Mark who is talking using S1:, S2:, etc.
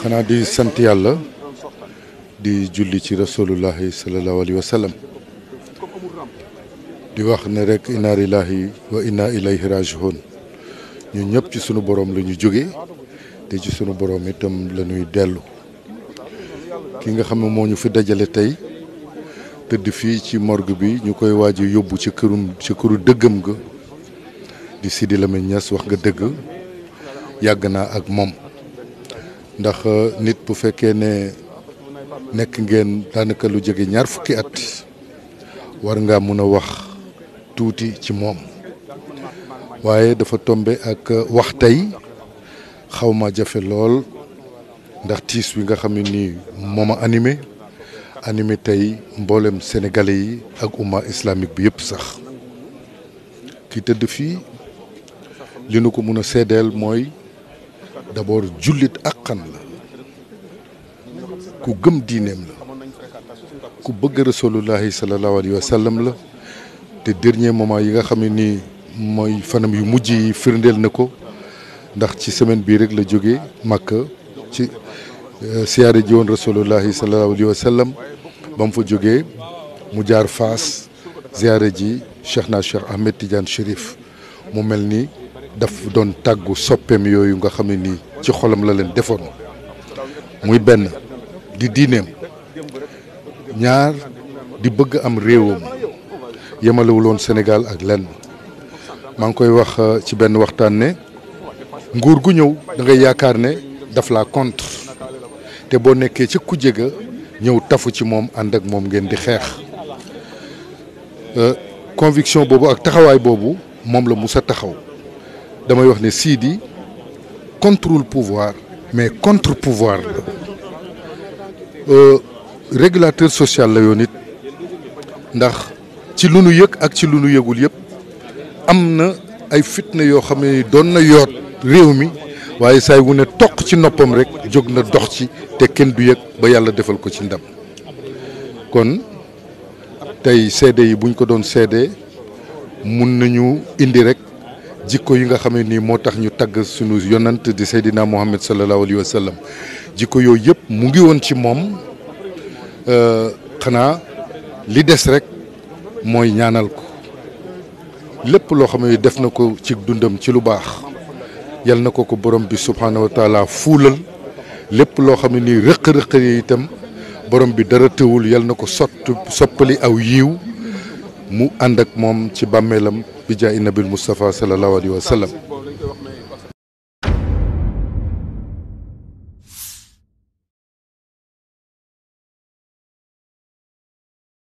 S1: xanaa di sant yàlla di julli ci rasulullahi salallahu di wax ne rekk inna lillahi wa inna ilayhi rajiun ñu ñëpp ci sunu boroom la ñu jóge te ci sunu boroom itam lañuy dellu ki nga xam ne moo ñu fi dajale tey tëdd fii ci morgue bi ñu koy waaj yóbbu ci këru dëggam ga di Sidi Lamine wax nga dëgg yàgg naa ak moom ndax euh, nit bu fekkee ne nekk ngeen daanaka lu jege ñaar fukki at war ngaa mën a wax tuuti ci moom waaye dafa tombe ak euh, wax tey xawma jafe lool ndax tiis wi nga xam ne nii moom a animé animé tey mboolem sénégalais yi ak umma islamique bi yëpp sax ki tëdd fii li nu ko mun a seddeel mooy. d'abord jullit àqan la ku gëm diineem la ku bëgg rasulullahi sallallahu alayhi wa la te dernier moment yi nga xam ne nii mooy fanam yu mujj yi firndeel na ko ndax ci semaine bii rek la jóge Makka ci euh, siyaare ji woon rasulullahi sallallahu alayhi wa ba mu fa jógee mu jaar Faas siyaare ji Cheikh naa Cheikh Ahmed Tidiane Chérif mu mel nii daf doon tàggu soppeem yooyu nga xam ne nii ci xolam la leen defoon muy benn di diineem ñaar di bëgg am réewam yemalewuloon senegal ak lenn maa ngi koy wax euh, ci benn waxtaan ne nguur gu ñëw dangay yaakaar ne daf laa contre te boo nekkee ci ku jega ñëw tafu ci moom ànd ak moom ngeen di xeex euh, conviction boobu ak taxawaay boobu moom la musa taxaw damay wax ne Sidi contrôle pouvoir mais contre pouvoir la euh, régulateur social la yoon it ndax ci lu nu yëg ak ci lu nu yëgul yëpp am na ay fitna yoo xam ne doon na yoot réew mi waaye saay wu ne toq ci noppam rek jóg na dox ci te kenn du yëg ba yàlla defal ko ci ndam kon tey seede yi buñ ko doon seede mun nañu indi rek jikko yi nga xam ne nii moo tax ñu tagg suñu yonant di Seydina Muhammad sallallahu alayhi wa sallam jikko yooyu yëpp mu ngi woon ci moom xanaa li des rek mooy ñaanal ko lépp loo xam ne def na ko ci dundam ci lu baax yal na ko ko borom bi subhaanahu wa fuulal lépp loo xam ne nii rëq-rëq yi itam borom bi dara tëwul yal na ko sott soppali aw yiiw mu ànd ak moom ci bàmmeelam bi jaay nabil Moustapha sallallahu alayhi wa sallam